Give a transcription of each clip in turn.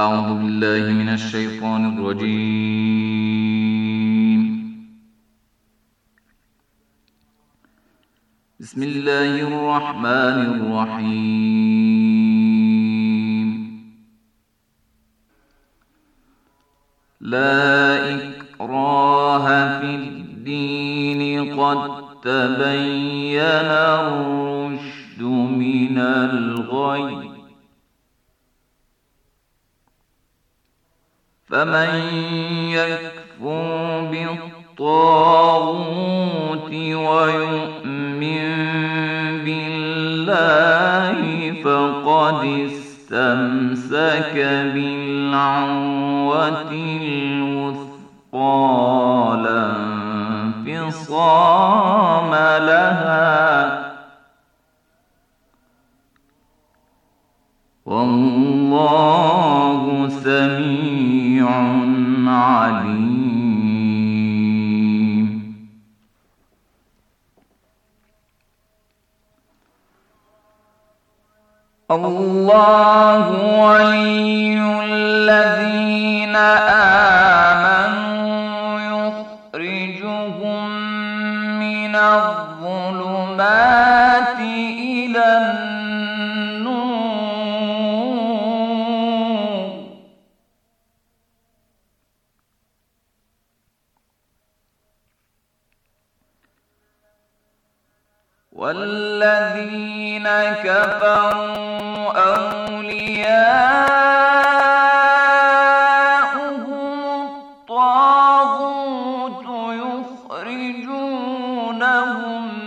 أعوذ بالله من الشيطان الرجيم بسم الله الرحمن الرحيم لا إكراه في الدين قد تبين الرشد من الغي فمن يكفر بالطاغوت ويؤمن بالله فقد استمسك بالعروة الوثقى لا انفصام لها والله سميع عليم الله ولي الذين آمنوا يخرجهم من الظلمات والذين كفروا أولياء الطاغوت يخرجونهم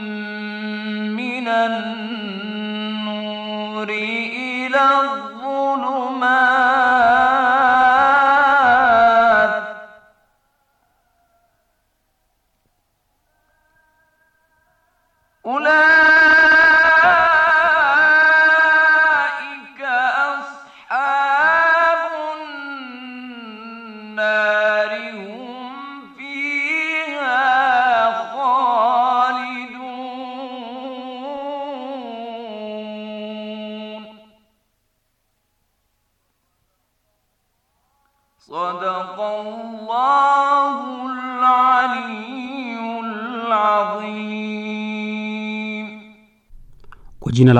من النور إلى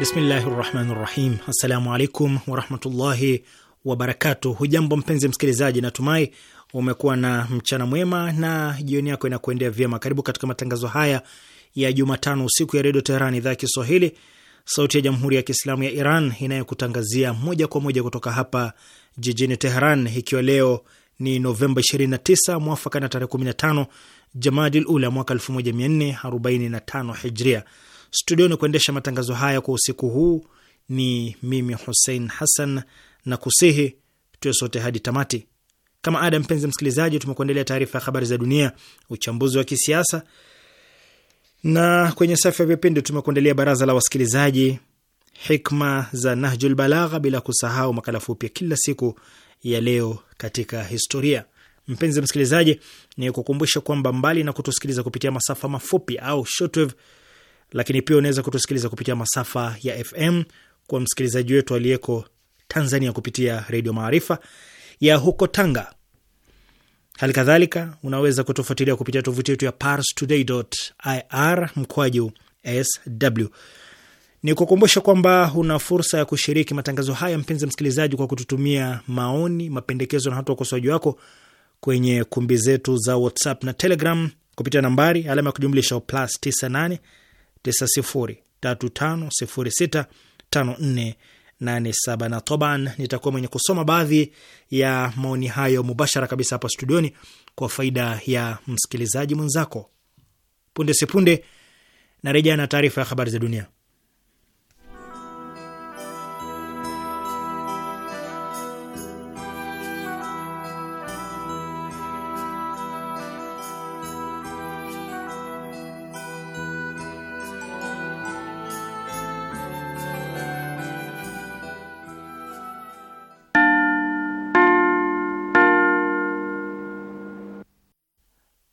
Bismillahi rahmani rahim. Assalamu alaikum warahmatullahi wabarakatu Hujambo mpenzi msikilizaji, natumai umekuwa na mchana mwema na jioni yako inakuendea vyema. Karibu katika matangazo haya ya Jumatano usiku ya Redio Teheran, idhaa ya Kiswahili, sauti ya Jamhuri ya Kiislamu ya Iran inayokutangazia moja kwa moja kutoka hapa jijini Teheran, ikiwa leo ni Novemba 29 mwafaka na tarehe 15 Jamadil Ula mwaka 1445 Hijria. Studioni kuendesha matangazo haya kwa usiku huu ni mimi Hussein Hassan, na kusihi tuwe sote hadi tamati. Kama ada, mpenzi msikilizaji, tumekuandalia taarifa ya habari za dunia, uchambuzi wa kisiasa, na kwenye safu ya vipindi tumekuandalia baraza la wasikilizaji, hikma za Nahjul Balagha, bila kusahau makala fupi ya kila siku ya leo katika historia. Mpenzi msikilizaji, ni kukumbusha kwamba mbali na kutusikiliza kupitia masafa mafupi au shortwave lakini pia unaweza kutusikiliza kupitia masafa ya FM kwa msikilizaji wetu aliyeko Tanzania kupitia Redio Maarifa ya huko Tanga. Hali kadhalika unaweza kutufuatilia kupitia tovuti yetu ya parstoday.ir mkwaju sw. Ni kukumbusha kwamba una fursa ya kushiriki matangazo haya, mpenzi msikilizaji, kwa kututumia maoni, mapendekezo na hata ukosoaji wako kwenye kumbi zetu za WhatsApp na Telegram kupitia nambari alama ya kujumlisha plus 98 9035065487 na toban. Nitakuwa mwenye kusoma baadhi ya maoni hayo mubashara kabisa hapa studioni kwa faida ya msikilizaji mwenzako. Punde sipunde narejea na taarifa ya habari za dunia.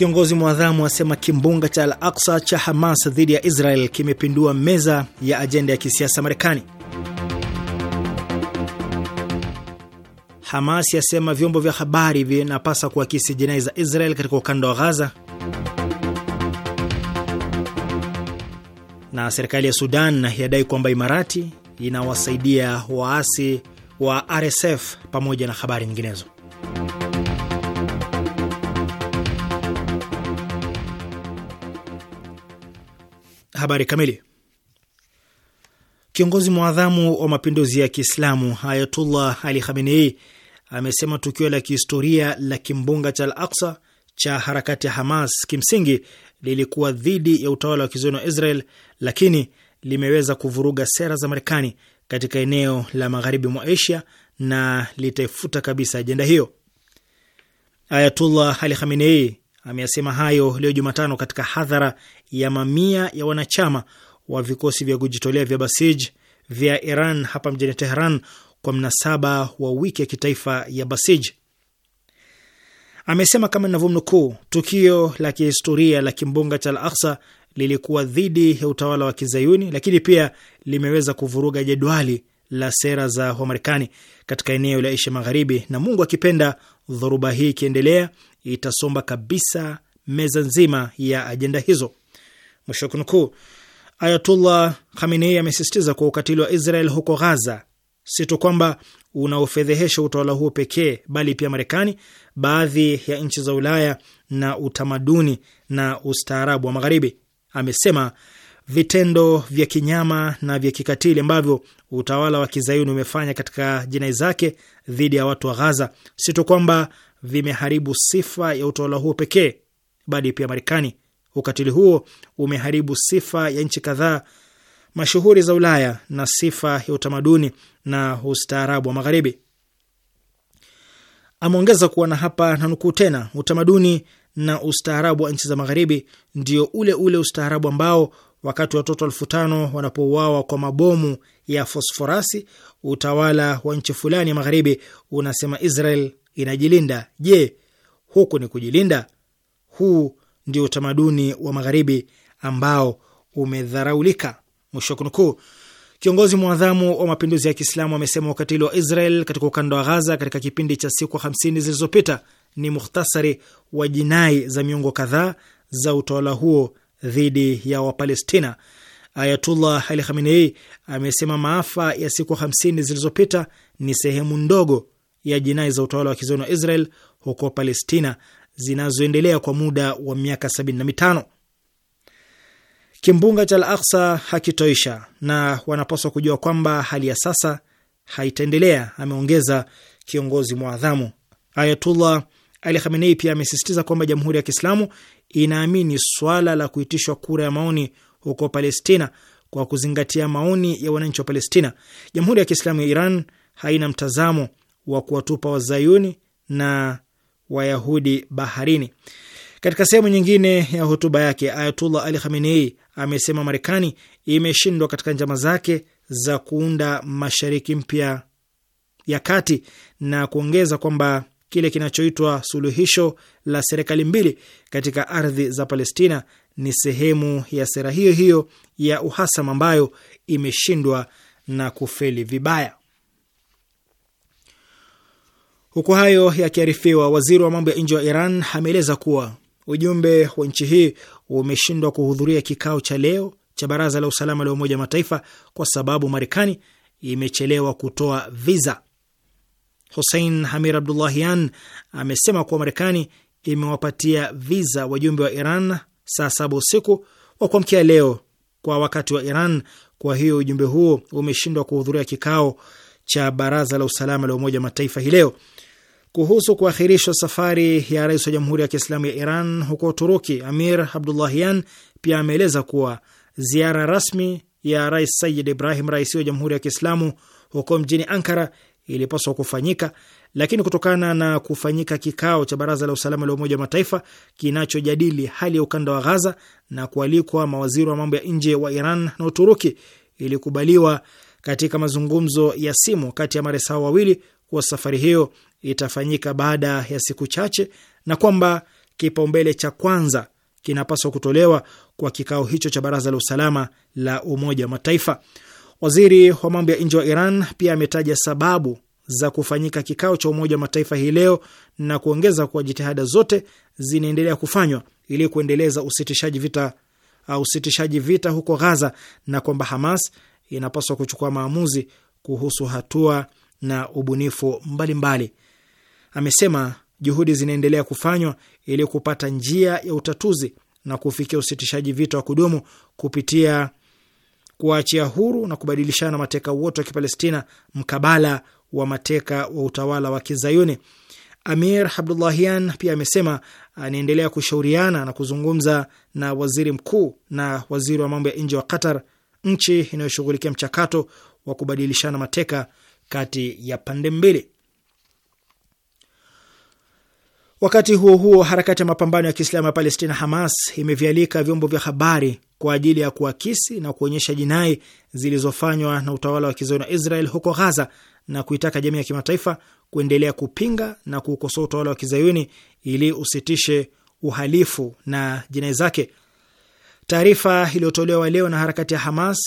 Kiongozi mwadhamu asema kimbunga cha Al Aksa cha Hamas dhidi ya Israel kimepindua meza ya ajenda ya kisiasa Marekani. Hamas yasema vyombo vya habari vinapasa kuakisi jinai za Israel katika ukanda wa Ghaza. Na serikali ya Sudan yadai kwamba Imarati inawasaidia waasi wa RSF pamoja na habari nyinginezo. Habari kamili. Kiongozi mwadhamu wa mapinduzi ya Kiislamu Ayatullah Ali Khamenei amesema tukio la kihistoria la kimbunga cha Al Aksa cha harakati ya Hamas kimsingi lilikuwa dhidi ya utawala wa kizoni wa Israel, lakini limeweza kuvuruga sera za Marekani katika eneo la magharibi mwa Asia na litaifuta kabisa ajenda hiyo. Ayatullah Ali Khamenei ameyasema hayo leo Jumatano katika hadhara ya mamia ya wanachama wa vikosi vya kujitolea vya Basij vya Iran hapa mjini Teheran kwa mnasaba wa wiki ya kitaifa ya Basij. Amesema kama ninavyomnukuu, tukio la kihistoria la kimbunga cha Al-Aqsa lilikuwa dhidi ya utawala wa Kizayuni, lakini pia limeweza kuvuruga jedwali la sera za Wamarekani katika eneo la Asia Magharibi, na Mungu akipenda, dhoruba hii ikiendelea itasomba kabisa meza nzima ya ajenda hizo. Mwisho kunukuu. Ayatullah Khamenei amesisitiza kwa ukatili wa Israel huko Ghaza si tu kwamba unaofedhehesha utawala huo pekee, bali pia Marekani, baadhi ya nchi za Ulaya na utamaduni na ustaarabu wa Magharibi. Amesema vitendo vya kinyama na vya kikatili ambavyo utawala wa kizayuni umefanya katika jinai zake dhidi ya watu wa Ghaza si tu kwamba vimeharibu sifa ya utawala huo pekee, bali pia Marekani. Ukatili huo umeharibu sifa ya nchi kadhaa mashuhuri za Ulaya na sifa ya utamaduni na ustaarabu wa Magharibi. Ameongeza kuwa na hapa na nukuu tena, utamaduni na ustaarabu wa nchi za Magharibi ndio ule ule ustaarabu ambao wakati watoto elfu tano wanapouawa kwa mabomu ya fosforasi, utawala wa nchi fulani ya magharibi unasema Israel inajilinda. Je, huku ni kujilinda? Huu ndio utamaduni wa magharibi ambao umedharaulika. Mwisho kunukuu. Kiongozi mwadhamu wa mapinduzi ya Kiislamu amesema ukatili wa Israel katika ukanda wa Ghaza katika kipindi cha siku hamsini zilizopita ni mukhtasari wa jinai za miongo kadhaa za utawala huo dhidi ya Wapalestina. Ayatullah Ali Khamenei amesema maafa ya siku hamsini zilizopita ni sehemu ndogo ya jinai za utawala wa kizayuni wa Israel huko Palestina zinazoendelea kwa muda wa miaka 75. Kimbunga cha Al-Aqsa hakitoisha na wanapaswa kujua kwamba hali ya sasa haitaendelea, ameongeza kiongozi mwadhamu Ayatullah ali Khamenei pia amesisitiza kwamba Jamhuri ya Kiislamu inaamini swala la kuitishwa kura ya maoni huko Palestina kwa kuzingatia maoni ya wananchi wa Palestina. Jamhuri ya Kiislamu ya Iran haina mtazamo wa kuwatupa wazayuni na wayahudi baharini. Katika sehemu nyingine ya hotuba yake, Ayatullah Ali Khamenei amesema Marekani imeshindwa katika njama zake za kuunda mashariki mpya ya kati na kuongeza kwamba kile kinachoitwa suluhisho la serikali mbili katika ardhi za Palestina ni sehemu ya sera hiyo hiyo ya uhasama ambayo imeshindwa na kufeli vibaya. Huku hayo yakiarifiwa, waziri wa mambo ya nje wa Iran ameeleza kuwa ujumbe wa nchi hii umeshindwa kuhudhuria kikao cha leo cha Baraza la Usalama la Umoja wa Mataifa kwa sababu Marekani imechelewa kutoa viza Hussein Hamir Abdullahian amesema kuwa Marekani imewapatia viza wajumbe wa Iran saa saba usiku wa kuamkia leo kwa wakati wa Iran. Kwa hiyo ujumbe huo umeshindwa kuhudhuria kikao cha Baraza la Usalama la Umoja wa Mataifa hii leo. Kuhusu kuahirishwa safari ya rais wa Jamhuri ya Kiislamu ya Iran huko Uturuki, Amir Abdullahian pia ameeleza kuwa ziara rasmi ya Rais Sayid Ibrahim Raisi wa Jamhuri ya Kiislamu huko mjini Ankara ilipaswa kufanyika, lakini kutokana na kufanyika kikao cha baraza la usalama la Umoja wa Mataifa kinachojadili hali ya ukanda wa Ghaza na kualikwa mawaziri wa mambo ya nje wa Iran na Uturuki, ilikubaliwa katika mazungumzo ya simu kati ya marais hao wawili kuwa safari hiyo itafanyika baada ya siku chache na kwamba kipaumbele cha kwanza kinapaswa kutolewa kwa kikao hicho cha baraza la usalama la Umoja wa Mataifa. Waziri wa mambo ya nje wa Iran pia ametaja sababu za kufanyika kikao cha Umoja wa Mataifa hii leo na kuongeza kuwa jitihada zote zinaendelea kufanywa ili kuendeleza usitishaji vita, uh, usitishaji vita huko Gaza na kwamba Hamas inapaswa kuchukua maamuzi kuhusu hatua na ubunifu mbalimbali mbali. Amesema juhudi zinaendelea kufanywa ili kupata njia ya utatuzi na kufikia usitishaji vita wa kudumu kupitia kuwaachia huru na kubadilishana mateka wote wa Kipalestina mkabala wa mateka wa utawala wa Kizayuni. Amir Abdullahian pia amesema anaendelea kushauriana na kuzungumza na waziri mkuu na waziri wa mambo ya nje wa Qatar, nchi inayoshughulikia mchakato wa kubadilishana mateka kati ya pande mbili. Wakati huo huo, harakati ya mapambano ya Kiislamu ya Palestina, Hamas, imevialika vyombo vya habari kwa ajili ya kuakisi na kuonyesha jinai zilizofanywa na utawala wa kizayuni wa Israel huko Ghaza na kuitaka jamii ya kimataifa kuendelea kupinga na kuukosoa utawala wa kizayuni ili usitishe uhalifu na jinai zake. Taarifa iliyotolewa leo na harakati ya Hamas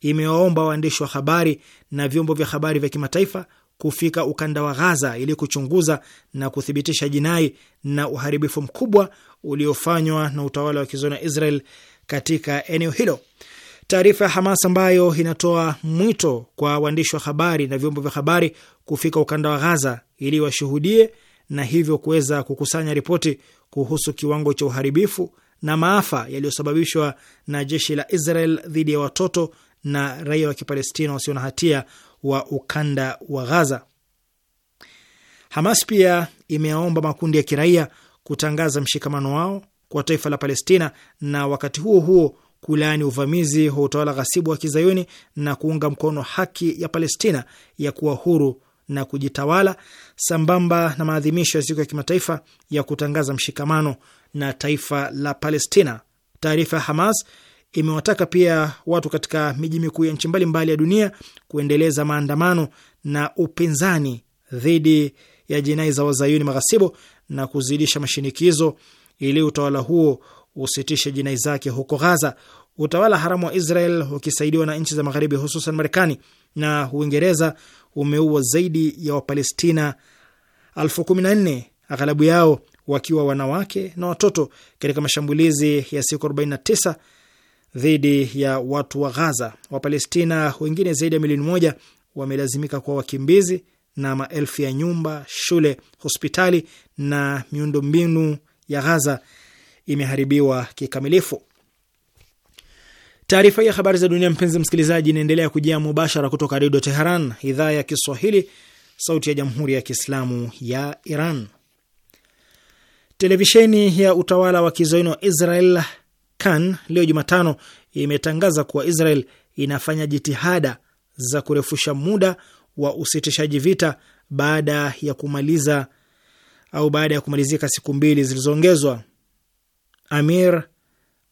imewaomba waandishi wa habari na vyombo vya habari vya kimataifa kufika ukanda wa Ghaza ili kuchunguza na kuthibitisha jinai na uharibifu mkubwa uliofanywa na utawala wa kizayuni wa Israel katika eneo hilo. Taarifa ya Hamas ambayo inatoa mwito kwa waandishi wa habari na vyombo vya habari kufika ukanda wa Ghaza ili washuhudie na hivyo kuweza kukusanya ripoti kuhusu kiwango cha uharibifu na maafa yaliyosababishwa na jeshi la Israel dhidi ya watoto na raia wa Kipalestina wasio na hatia wa ukanda wa Ghaza. Hamas pia imeyaomba makundi ya kiraia kutangaza mshikamano wao kwa taifa la Palestina na wakati huo huo kulaani uvamizi wa utawala ghasibu wa kizayuni na kuunga mkono haki ya Palestina ya kuwa huru na kujitawala sambamba na maadhimisho ya siku ya kimataifa ya kutangaza mshikamano na taifa la Palestina. Taarifa ya Hamas imewataka pia watu katika miji mikuu ya nchi mbalimbali ya dunia kuendeleza maandamano na upinzani dhidi ya jinai za wazayuni maghasibu na kuzidisha mashinikizo ili utawala huo usitishe jinai zake huko Ghaza. Utawala haramu wa Israel ukisaidiwa na nchi za Magharibi, hususan Marekani na Uingereza, umeua zaidi ya Wapalestina elfu kumi na nne aghalabu yao wakiwa wanawake na watoto katika mashambulizi ya siku 49 dhidi ya watu wa Ghaza. Wapalestina wengine zaidi ya milioni moja wamelazimika kuwa wakimbizi na maelfu ya nyumba, shule, hospitali na miundombinu ya Ghaza imeharibiwa kikamilifu. Taarifa hii ya habari za dunia, mpenzi msikilizaji, inaendelea kujia mubashara kutoka Redio Teheran, idhaa ya Kiswahili, sauti ya jamhuri ya kiislamu ya Iran. Televisheni ya utawala wa kizayuni wa Israel Kan leo Jumatano imetangaza kuwa Israel inafanya jitihada za kurefusha muda wa usitishaji vita baada ya kumaliza au baada ya kumalizika siku mbili zilizoongezwa. Amir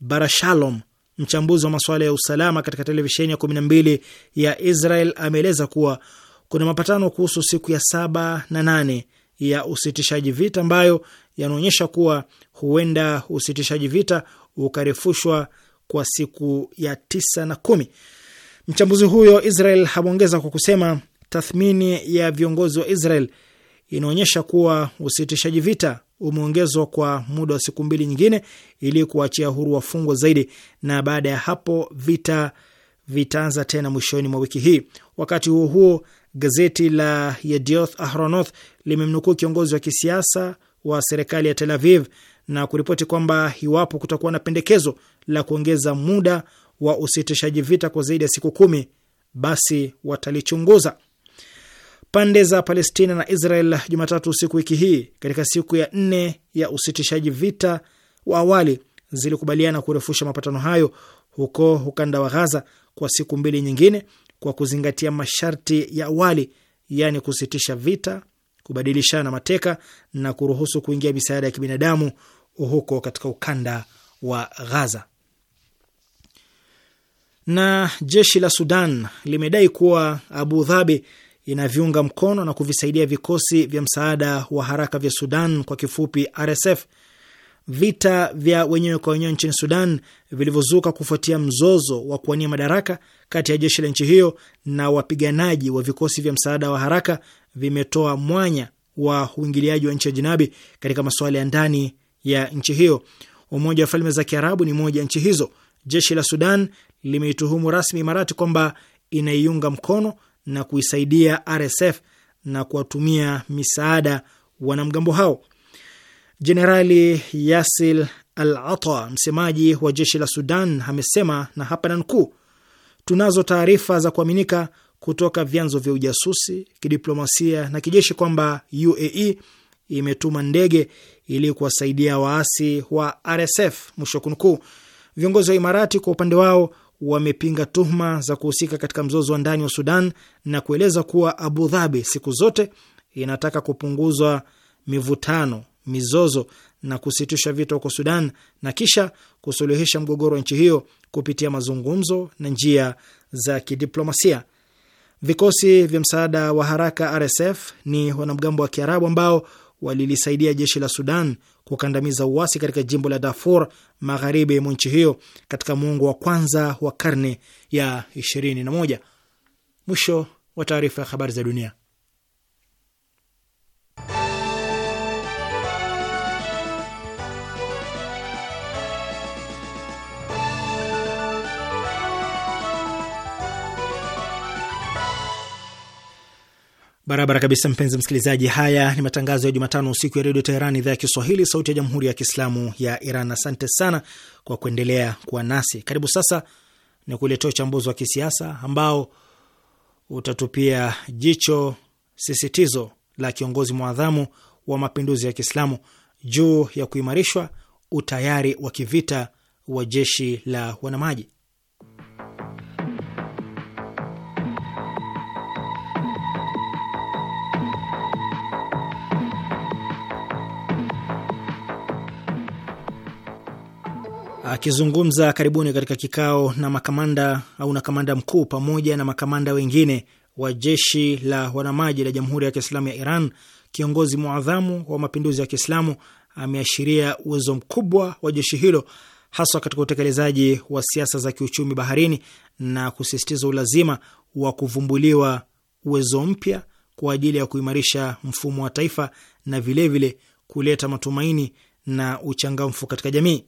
Barashalom, mchambuzi wa masuala ya usalama katika televisheni ya kumi na mbili ya Israel, ameeleza kuwa kuna mapatano kuhusu siku ya saba na nane ya usitishaji vita ambayo yanaonyesha kuwa huenda usitishaji vita ukarefushwa kwa siku ya tisa na kumi. Mchambuzi huyo Israel ameongeza kwa kusema tathmini ya viongozi wa Israel inaonyesha kuwa usitishaji vita umeongezwa kwa muda wa siku mbili nyingine ili kuachia huru wafungwa zaidi, na baada ya hapo vita vitaanza tena mwishoni mwa wiki hii. Wakati huo huo, gazeti la Yedioth Ahronoth limemnukuu kiongozi wa kisiasa wa serikali ya Tel Aviv na kuripoti kwamba iwapo kutakuwa na pendekezo la kuongeza muda wa usitishaji vita kwa zaidi ya siku kumi, basi watalichunguza. Pande za Palestina na Israel Jumatatu usiku wiki hii, katika siku ya nne ya usitishaji vita wa awali, zilikubaliana kurefusha mapatano hayo huko ukanda wa Ghaza kwa siku mbili nyingine, kwa kuzingatia masharti ya awali, yaani kusitisha vita, kubadilishana mateka na kuruhusu kuingia misaada ya kibinadamu huko katika ukanda wa Ghaza. Na jeshi la Sudan limedai kuwa Abu Dhabi inaviunga mkono na kuvisaidia vikosi vya msaada wa haraka vya Sudan, kwa kifupi RSF. Vita vya wenyewe kwa wenyewe nchini Sudan vilivyozuka kufuatia mzozo wa kuwania madaraka kati ya jeshi la nchi hiyo na wapiganaji wa vikosi vya msaada wa haraka vimetoa mwanya wa uingiliaji wa nchi ya jinabi katika masuala ya ndani ya nchi hiyo. Umoja wa Falme za Kiarabu ni moja ya nchi hizo. Jeshi la Sudan limeituhumu rasmi Imarati kwamba inaiunga mkono na kuisaidia RSF na kuwatumia misaada wanamgambo hao. Jenerali Yasil Al Ata, msemaji wa jeshi la Sudan, amesema na hapa nanukuu, tunazo taarifa za kuaminika kutoka vyanzo vya ujasusi, kidiplomasia na kijeshi kwamba UAE imetuma ndege ili kuwasaidia waasi wa RSF, mwisho kunukuu. Viongozi wa Imarati kwa upande wao wamepinga tuhuma za kuhusika katika mzozo wa ndani wa Sudan na kueleza kuwa Abu Dhabi siku zote inataka kupunguzwa mivutano, mizozo na kusitisha vita huko Sudan na kisha kusuluhisha mgogoro wa nchi hiyo kupitia mazungumzo na njia za kidiplomasia. Vikosi vya msaada wa haraka RSF ni wanamgambo wa Kiarabu ambao walilisaidia jeshi la Sudan kukandamiza uasi katika jimbo la Darfur magharibi mwa nchi hiyo katika muongo wa kwanza wa karne ya 21. Mwisho wa taarifa ya habari za dunia. Barabara kabisa, mpenzi msikilizaji. Haya ni matangazo ya Jumatano usiku ya Redio Teheran, idhaa ya Kiswahili, sauti ya jamhuri ya kiislamu ya Iran. Asante sana kwa kuendelea kuwa nasi. Karibu sasa ni kuletea uchambuzi wa kisiasa ambao utatupia jicho sisitizo la kiongozi mwadhamu wa mapinduzi ya Kiislamu juu ya kuimarishwa utayari wa kivita wa jeshi la wanamaji. Akizungumza karibuni katika kikao na makamanda au na kamanda mkuu pamoja na makamanda wengine wa jeshi la wanamaji la Jamhuri ya Kiislamu ya Iran, kiongozi muadhamu wa mapinduzi ya Kiislamu ameashiria uwezo mkubwa wa jeshi hilo haswa katika utekelezaji wa siasa za kiuchumi baharini na kusisitiza ulazima wa kuvumbuliwa uwezo mpya kwa ajili ya kuimarisha mfumo wa taifa na vilevile vile kuleta matumaini na uchangamfu katika jamii.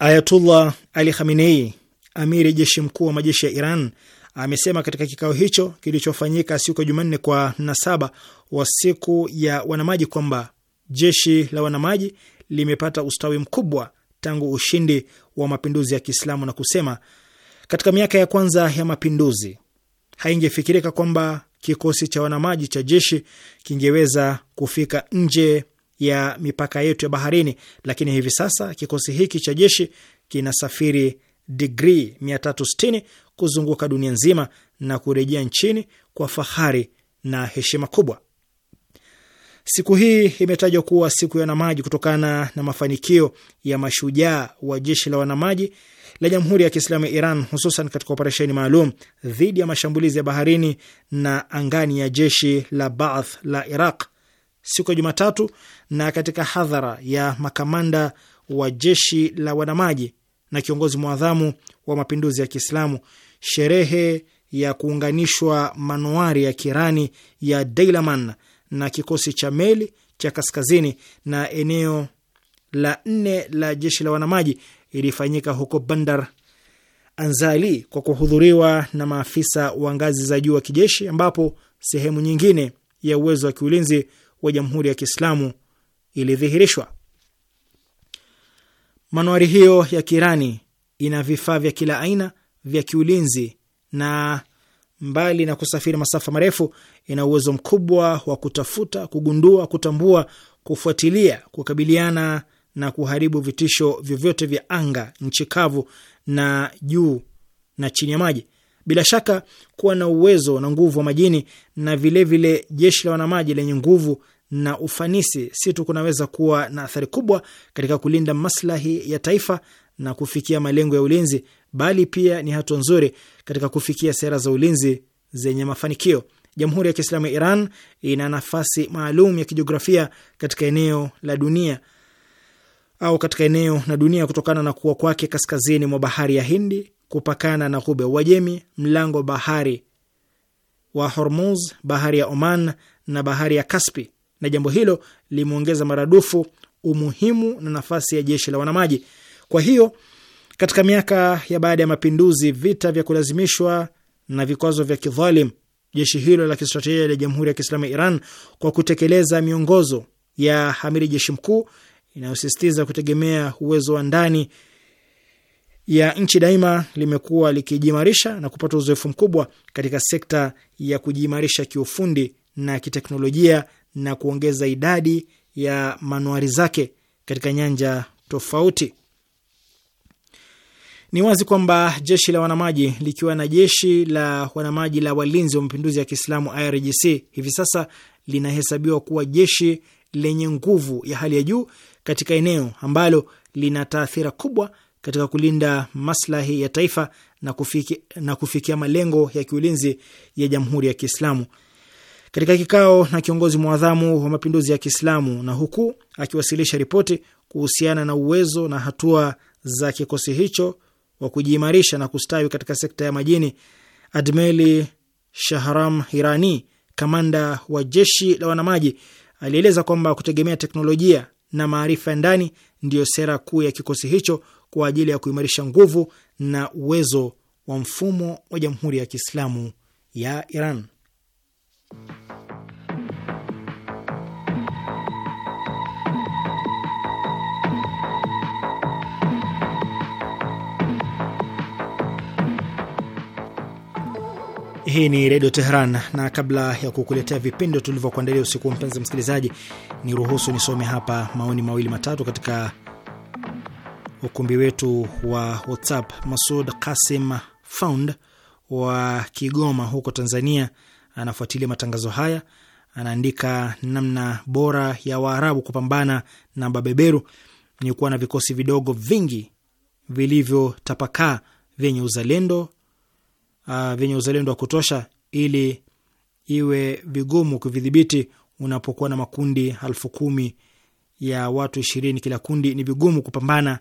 Ayatullah Ali Khamenei, amiri jeshi mkuu wa majeshi ya Iran, amesema katika kikao hicho kilichofanyika siku ya Jumanne kwa nasaba wa siku ya wanamaji kwamba jeshi la wanamaji limepata ustawi mkubwa tangu ushindi wa mapinduzi ya Kiislamu na kusema katika miaka ya kwanza ya mapinduzi haingefikirika kwamba kikosi cha wanamaji cha jeshi kingeweza kufika nje ya mipaka yetu ya baharini, lakini hivi sasa kikosi hiki cha jeshi kinasafiri digrii 360 kuzunguka dunia nzima na kurejea nchini kwa fahari na heshima kubwa. Siku hii imetajwa kuwa siku ya wanamaji kutokana na mafanikio ya mashujaa wa jeshi la wanamaji la Jamhuri ya Kiislamu ya Iran, hususan katika operesheni maalum dhidi ya mashambulizi ya baharini na angani ya jeshi la Baath la Iraq siku ya Jumatatu na katika hadhara ya makamanda wa jeshi la wanamaji na kiongozi mwadhamu wa mapinduzi ya Kiislamu. Sherehe ya kuunganishwa manuari ya kirani ya Deilaman na kikosi cha meli cha kaskazini na eneo la nne la jeshi la wanamaji ilifanyika huko Bandar Anzali kwa kuhudhuriwa na maafisa wa ngazi za juu wa kijeshi, ambapo sehemu nyingine ya uwezo wa kiulinzi wa Jamhuri ya Kiislamu ilidhihirishwa. Manuari hiyo ya Kirani ina vifaa vya kila aina vya kiulinzi na mbali na kusafiri masafa marefu, ina uwezo mkubwa wa kutafuta, kugundua, kutambua, kufuatilia, kukabiliana na kuharibu vitisho vyovyote vya anga, nchi kavu na juu na chini ya maji. Bila shaka kuwa na uwezo na nguvu wa majini na vilevile vile jeshi la wanamaji lenye nguvu na ufanisi si tu kunaweza kuwa na athari kubwa katika kulinda maslahi ya taifa na kufikia malengo ya ulinzi, bali pia ni hatua nzuri katika kufikia sera za ulinzi zenye mafanikio. Jamhuri ya Kiislamu ya Iran ina nafasi maalum ya kijiografia katika eneo la dunia au katika eneo la dunia kutokana na kuwa kwake kaskazini mwa bahari ya Hindi kupakana na ghuba ya Uajemi, mlango bahari wa Hormuz, bahari ya Oman na bahari ya Kaspi, na jambo hilo limeongeza maradufu umuhimu na nafasi ya jeshi la wanamaji. Kwa hiyo katika miaka ya baada ya mapinduzi, vita vya kulazimishwa na vikwazo vya kidhalim, jeshi hilo la kistratejia la Jamhuri ya Kiislamu ya Iran kwa kutekeleza miongozo ya amiri jeshi mkuu inayosisitiza kutegemea uwezo wa ndani ya Nchi Daima limekuwa likijiimarisha na kupata uzoefu mkubwa katika sekta ya kujiimarisha kiufundi na kiteknolojia na kuongeza idadi ya manuari zake katika nyanja tofauti. Ni wazi kwamba jeshi la wanamaji likiwa na jeshi la wanamaji la walinzi wa mapinduzi ya Kiislamu IRGC hivi sasa linahesabiwa kuwa jeshi lenye nguvu ya hali ya juu katika eneo ambalo lina taathira kubwa katika kulinda maslahi ya taifa na, kufiki, na kufikia malengo ya kiulinzi ya Jamhuri ya Kiislamu katika kikao na kiongozi mwadhamu wa mapinduzi ya Kiislamu na huku akiwasilisha ripoti kuhusiana na uwezo na hatua za kikosi hicho wa kujiimarisha na kustawi katika sekta ya majini, Admeli Shahram Hirani, kamanda wa jeshi la wanamaji, alieleza kwamba kutegemea teknolojia na maarifa ya ndani ndiyo sera kuu ya kikosi hicho kwa ajili ya kuimarisha nguvu na uwezo wa mfumo wa Jamhuri ya Kiislamu ya Iran. Hii ni Redio Teheran, na kabla ya kukuletea vipindi tulivyokuandalia usiku wa, mpenzi msikilizaji, ni ruhusu nisome hapa maoni mawili matatu katika ukumbi wetu wa WhatsApp. Masud Kasim Found wa Kigoma huko Tanzania anafuatilia matangazo haya, anaandika namna bora ya Waarabu kupambana na mabeberu ni kuwa na vikosi vidogo vingi vilivyotapakaa vyenye uzalendo uh, vyenye uzalendo wa kutosha, ili iwe vigumu kuvidhibiti. Unapokuwa na makundi alfu kumi ya watu ishirini kila kundi, ni vigumu kupambana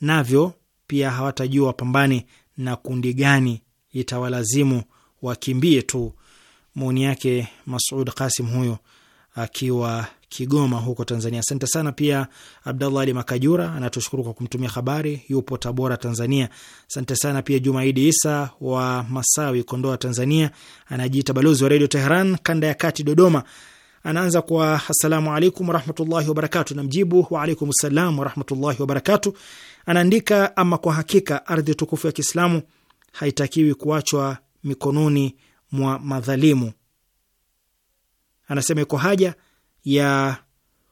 navyo pia hawatajua wapambane na kundi gani itawalazimu wakimbie tu. Maoni yake Masud Kasim huyo akiwa Kigoma huko Tanzania. Asante sana pia Abdallah Ali Makajura anatushukuru kwa kumtumia habari, yupo Tabora, Tanzania. Asante sana pia Jumaidi Isa wa Masawi, Kondoa, Tanzania, anajiita balozi wa Redio Teheran kanda ya kati, Dodoma. Anaanza kwa assalamu alaikum warahmatullahi wabarakatu, na mjibu waalaikum salam warahmatullahi wabarakatu. Anaandika, ama kwa hakika ardhi tukufu ya Kiislamu haitakiwi kuachwa mikononi mwa madhalimu. Anasema iko haja ya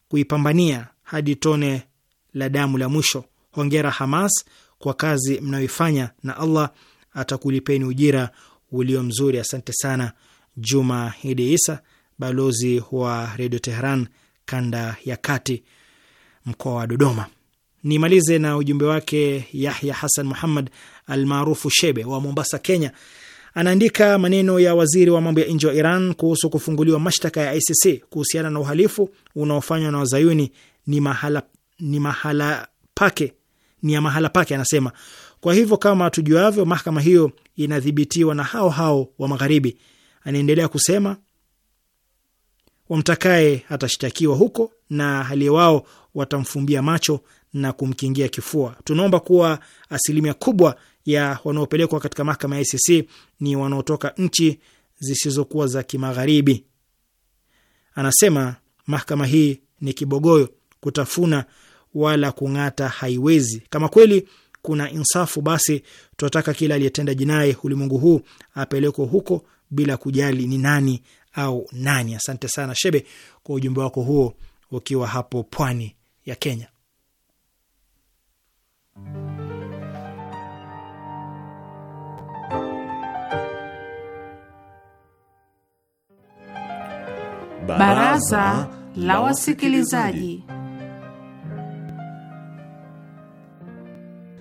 kuipambania hadi tone la damu la mwisho. Hongera Hamas kwa kazi mnayoifanya, na Allah atakulipeni ujira ulio mzuri. Asante sana Juma Hidi Isa, balozi wa Redio Teheran kanda ya kati, mkoa wa Dodoma. Nimalize na ujumbe wake Yahya Hasan Muhammad almaarufu Shebe wa Mombasa, Kenya. Anaandika maneno ya waziri wa mambo ya nje wa Iran kuhusu kufunguliwa mashtaka ya ICC kuhusiana na uhalifu unaofanywa na wazayuni ni mahala, ni mahala pake, ni ya mahala pake, anasema. Kwa hivyo kama tujuavyo, mahakama hiyo inadhibitiwa na hao hao wa Magharibi. Anaendelea kusema wamtakaye atashtakiwa huko na hali wao watamfumbia macho na kumkingia kifua. Tunaomba kuwa asilimia kubwa ya wanaopelekwa katika mahakama ya ICC ni wanaotoka nchi zisizokuwa za kimagharibi. Anasema mahakama hii ni kibogoyo, kutafuna wala kung'ata haiwezi. Kama kweli kuna insafu, basi tunataka kila aliyetenda jinai ulimwengu huu apelekwe huko bila kujali ni nani au nani. Asante sana Shebe kwa ujumbe wako huo ukiwa hapo pwani ya Kenya. Baraza la Wasikilizaji.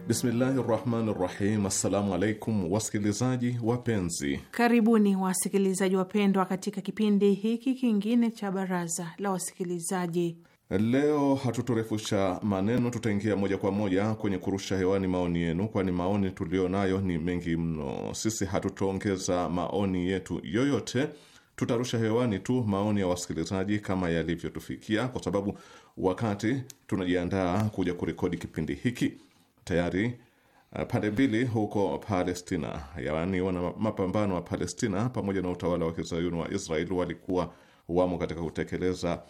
Bismillahi rahmani rahim. Assalamu alaikum wasikilizaji wapenzi, karibuni wasikilizaji wapendwa katika kipindi hiki kingine cha baraza la wasikilizaji. Leo hatutorefusha maneno, tutaingia moja kwa moja kwenye kurusha hewani maoni yenu, kwani maoni tuliyo nayo ni mengi mno. Sisi hatutaongeza maoni yetu yoyote, tutarusha hewani tu maoni ya wasikilizaji kama yalivyotufikia, kwa sababu wakati tunajiandaa kuja kurekodi kipindi hiki tayari eh, pande mbili huko Palestina, yaani wana mapambano wa Palestina pamoja na utawala wa kizayuni wa Israel walikuwa wamo katika kutekeleza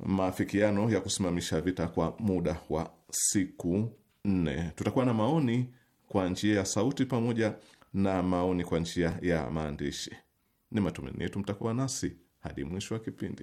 maafikiano ya kusimamisha vita kwa muda wa siku nne. Tutakuwa na maoni kwa njia ya sauti pamoja na maoni kwa njia ya maandishi. Ni matumaini yetu mtakuwa nasi hadi mwisho wa kipindi.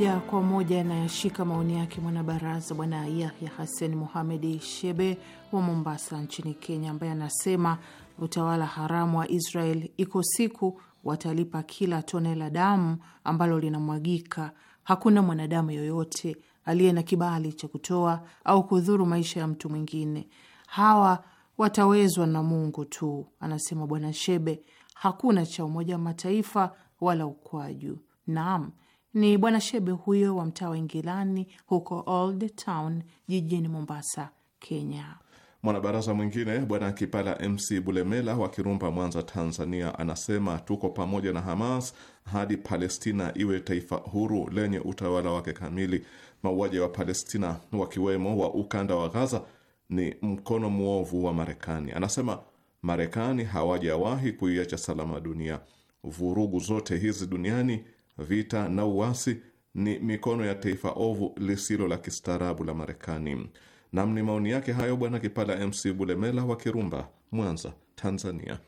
Moja kwa moja anayashika maoni yake mwanabaraza Bwana Yahya hasen Muhamedi Shebe wa Mombasa nchini Kenya, ambaye anasema utawala haramu wa Israel iko siku watalipa kila tone la damu ambalo linamwagika. Hakuna mwanadamu yoyote aliye na kibali cha kutoa au kudhuru maisha ya mtu mwingine. Hawa watawezwa na Mungu tu, anasema Bwana Shebe. Hakuna cha Umoja wa Mataifa wala ukwaju. Naam, ni bwana Shebe huyo wa mtaa wa Ingilani huko Old Town jijini Mombasa, Kenya. Mwanabaraza mwingine bwana Kipala MC Bulemela wa Kirumba, Mwanza, Tanzania, anasema tuko pamoja na Hamas hadi Palestina iwe taifa huru lenye utawala wake kamili. Mauaji wa Palestina wakiwemo wa ukanda wa Gaza ni mkono mwovu wa Marekani. Anasema Marekani hawajawahi kuiacha salama dunia. Vurugu zote hizi duniani vita na uasi ni mikono ya taifa ovu lisilo la kistaarabu la Marekani. Nam, ni maoni yake hayo Bwana Kipala MC Bulemela wa Kirumba, Mwanza, Tanzania.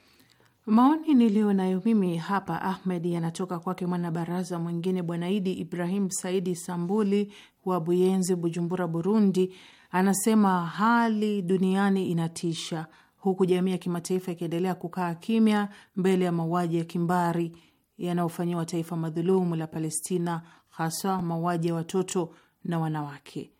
Maoni niliyo nayo mimi hapa Ahmed yanatoka kwake mwanabaraza mwingine Bwana Idi Ibrahim Saidi Sambuli wa Buyenzi, Bujumbura, Burundi. Anasema hali duniani inatisha, huku jamii ya kimataifa ikiendelea kukaa kimya mbele ya mauaji ya kimbari yanayofanyiwa taifa madhulumu la Palestina, haswa mauaji ya watoto na wanawake.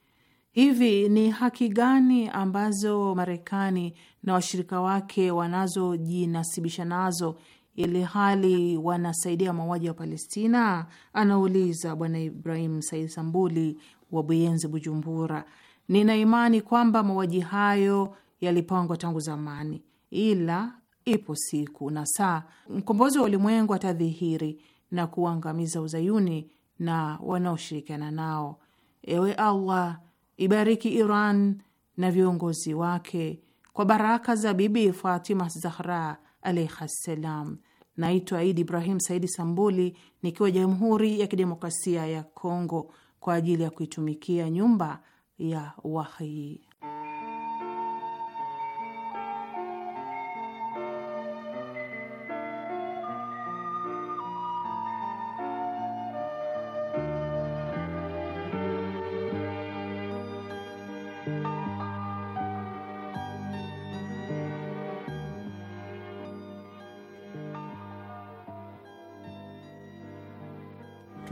Hivi ni haki gani ambazo Marekani na washirika wake wanazojinasibisha nazo ili hali wanasaidia mauaji ya Palestina? Anauliza Bwana Ibrahim Said Sambuli wa Buyenzi, Bujumbura. Nina imani kwamba mauaji hayo yalipangwa tangu zamani, ila ipo siku na saa mkombozi wa ulimwengu atadhihiri na kuangamiza uzayuni na wanaoshirikiana nao. Ewe Allah, ibariki Iran na viongozi wake kwa baraka za Bibi Fatima Zahra alaiha ssalam. Naitwa Idi Ibrahim Saidi Sambuli nikiwa Jamhuri ya Kidemokrasia ya Kongo kwa ajili ya kuitumikia nyumba ya Wahii.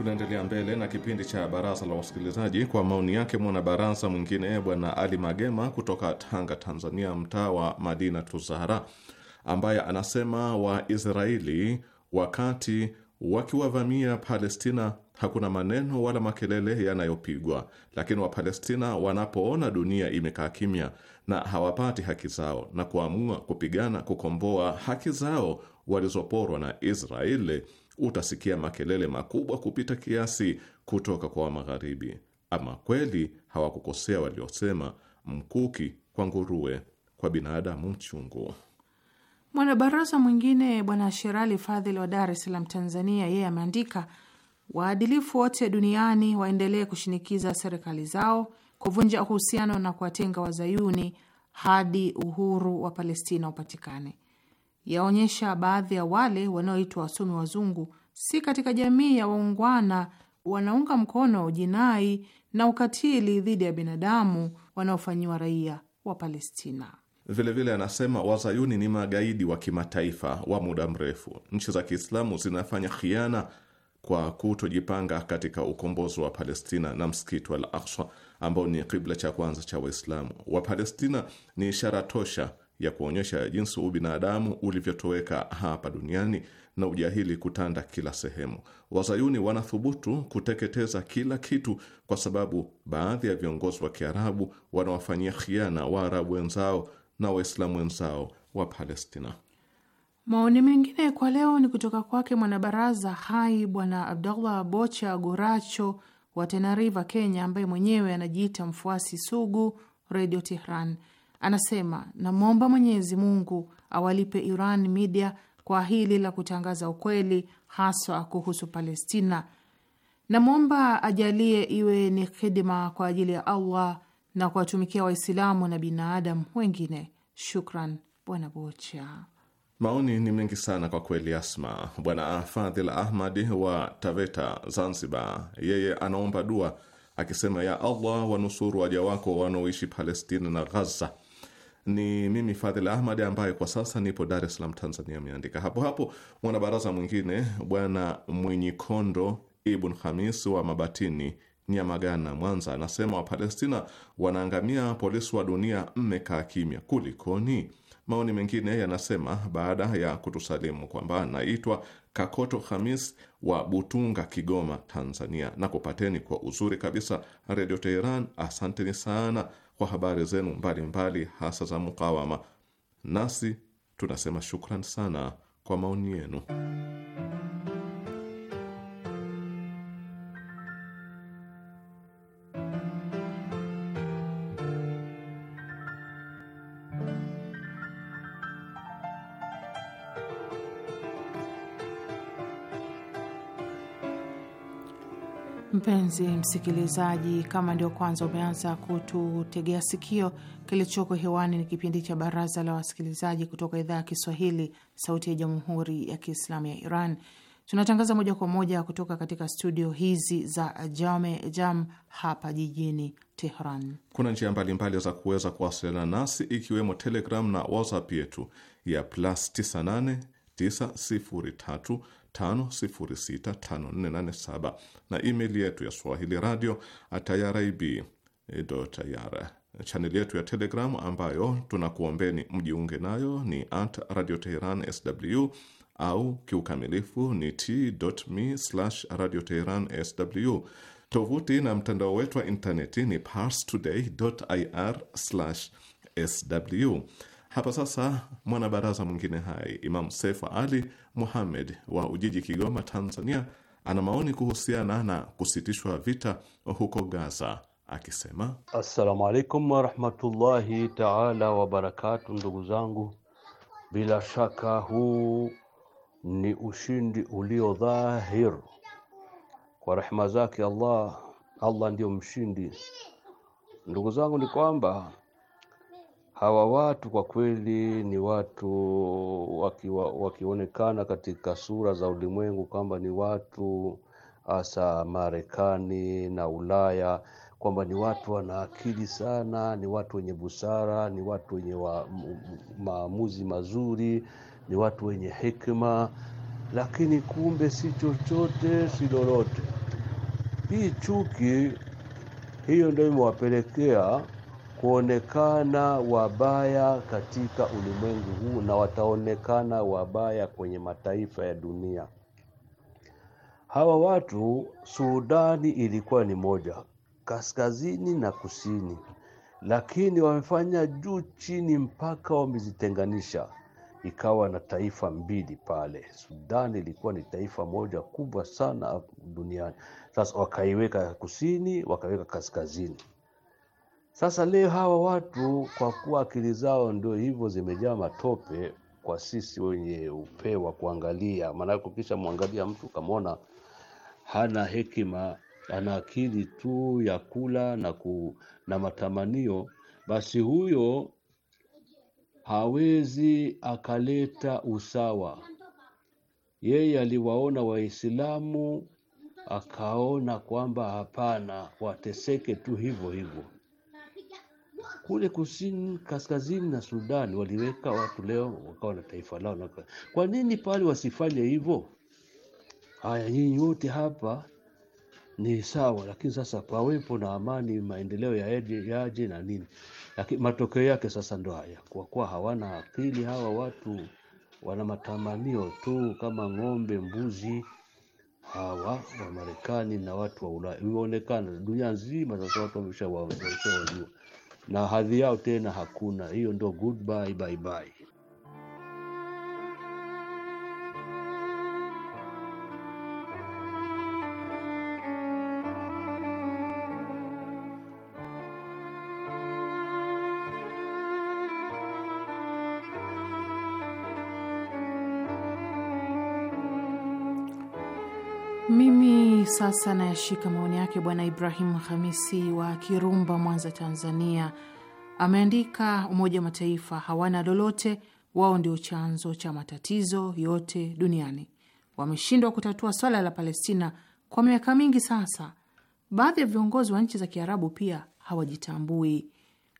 Tunaendelea mbele na kipindi cha baraza la wasikilizaji kwa maoni yake mwanabaraza mwingine Bwana Ali Magema kutoka Tanga, Tanzania, mtaa wa Madina Tuzahara, ambaye anasema Waisraeli wakati wakiwavamia Palestina hakuna maneno wala makelele yanayopigwa, lakini Wapalestina wanapoona dunia imekaa kimya na hawapati haki zao na kuamua kupigana kukomboa haki zao walizoporwa na Israeli utasikia makelele makubwa kupita kiasi kutoka kwa Wamagharibi. Ama kweli hawakukosea waliosema mkuki kwa nguruwe, kwa binadamu mchungu. Mwanabaraza mwingine Bwana Sherali Fadhili wa Dar es Salaam, Tanzania, yeye ameandika waadilifu wote duniani waendelee kushinikiza serikali zao kuvunja uhusiano na kuwatenga wazayuni hadi uhuru wa Palestina upatikane yaonyesha baadhi ya wale wanaoitwa wasomi wazungu si katika jamii ya waungwana wanaunga mkono jinai na ukatili dhidi ya binadamu wanaofanyiwa raia wa Palestina. Vilevile vile anasema wazayuni ni magaidi wa kimataifa wa muda mrefu. Nchi za Kiislamu zinafanya khiana kwa kutojipanga katika ukombozi wa Palestina na msikiti wa Al Aqsa ambao ni kibla cha kwanza cha Waislamu. Wapalestina ni ishara tosha ya kuonyesha jinsi ubinadamu ulivyotoweka hapa duniani na ujahili kutanda kila sehemu. Wazayuni wanathubutu kuteketeza kila kitu kwa sababu baadhi ya viongozi wa Kiarabu wanawafanyia khiana Waarabu wenzao na Waislamu wenzao wa Palestina. Maoni mengine kwa leo ni kutoka kwake mwanabaraza hai Bwana Abdullah Bocha Goracho wa Tenariva, Kenya, ambaye mwenyewe anajiita mfuasi sugu Radio Tehran. Anasema, namwomba Mwenyezi Mungu awalipe Iran Media kwa hili la kutangaza ukweli haswa kuhusu Palestina. Namwomba ajalie iwe ni khidma kwa ajili ya Allah na kuwatumikia Waislamu na binadamu wengine. Shukran Bwana Bocha. Maoni ni mengi sana kwa kweli, Asma. Bwana Fadhil Ahmadi wa Taveta, Zanzibar, yeye anaomba dua akisema, ya Allah wanusuru waja wako wanaoishi Palestina na Ghaza ni mimi Fadhil Ahmad ambaye kwa sasa nipo Dar es Salaam, Tanzania. Ameandika hapo hapo mwanabaraza mwingine Bwana Mwenyikondo Ibn hamis wa Mabatini, Nyamagana, Mwanza, anasema Wapalestina wanaangamia, polisi wa dunia mmekaa kimya, kulikoni? Maoni mengine yanasema baada ya kutusalimu kwamba naitwa Kakoto Hamis wa Butunga, Kigoma, Tanzania, na kupateni kwa uzuri kabisa Redio Teheran. Asanteni sana kwa habari zenu mbalimbali, hasa za mukawama. Nasi tunasema shukran sana kwa maoni yenu. Mpenzi msikilizaji, kama ndio kwanza umeanza kututegea sikio, kilichoko hewani ni kipindi cha Baraza la Wasikilizaji kutoka idhaa ya Kiswahili, Sauti ya Jamhuri ya Kiislamu ya Iran. Tunatangaza moja kwa moja kutoka katika studio hizi za Jame Jam hapa jijini Tehran. Kuna njia mbalimbali za kuweza kuwasiliana nasi, ikiwemo Telegram na WhatsApp yetu ya plus 98 903 5065487 na email yetu ya swahili radio irib Chaneli yetu ya Telegram ambayo tunakuombeni mjiunge nayo ni at radio Teheran sw au kiukamilifu ni t.me radio Teheran sw. Tovuti na mtandao wetu wa intaneti ni today ir sw hapa sasa mwanabaraza mwingine hai Imamu Sefa Ali Muhamed wa Ujiji, Kigoma, Tanzania, ana maoni kuhusiana na kusitishwa vita huko Gaza akisema: assalamu alaikum warahmatullahi taala wabarakatu. Ndugu zangu, bila shaka huu ni ushindi ulio dhahir kwa rehma zake Allah. Allah ndiyo mshindi. Ndugu zangu, ni kwamba hawa watu kwa kweli ni watu wakiwa, wakionekana katika sura za ulimwengu kwamba ni watu hasa Marekani na Ulaya kwamba ni watu wana akili sana, ni watu wenye busara, ni watu wenye wa, maamuzi mazuri, ni watu wenye hekima, lakini kumbe si chochote si lolote. Hii chuki hiyo ndio imewapelekea kuonekana wabaya katika ulimwengu huu na wataonekana wabaya kwenye mataifa ya dunia. Hawa watu Sudani ilikuwa ni moja, kaskazini na kusini, lakini wamefanya juu chini mpaka wamezitenganisha, ikawa na taifa mbili pale. Sudani ilikuwa ni taifa moja kubwa sana duniani. Sasa wakaiweka kusini, wakaiweka kaskazini. Sasa leo hawa watu kwa kuwa akili zao ndio hivyo zimejaa matope, kwa sisi wenye upewa kuangalia, maanake ukisha mwangalia mtu ukamwona hana hekima, ana akili tu ya kula na, ku, na matamanio, basi huyo hawezi akaleta usawa. Yeye aliwaona Waislamu akaona kwamba hapana, wateseke tu hivyo hivyo kule kusini kaskazini na Sudani waliweka watu leo wakawa na taifa lao. Na kwa nini pale wasifanye hivyo? Haya, nyinyi wote hapa ni sawa, lakini sasa pawepo na amani, maendeleo yaje yaje na nini. Lakini matokeo yake sasa ndo haya, kwa kuwa hawana akili hawa watu, wana matamanio tu kama ng'ombe, mbuzi hawa wa Marekani na watu wa Ulaya. Imeonekana dunia nzima sasa, watu wameshawajua na hadhi yao tena hakuna. Hiyo ndo goodbye, bye bye. Sasa nayashika maoni yake Bwana Ibrahimu Hamisi wa Kirumba, Mwanza, Tanzania. Ameandika, Umoja wa Mataifa hawana lolote, wao ndio chanzo cha matatizo yote duniani. Wameshindwa kutatua swala la Palestina kwa miaka mingi sasa. Baadhi ya viongozi wa nchi za Kiarabu pia hawajitambui.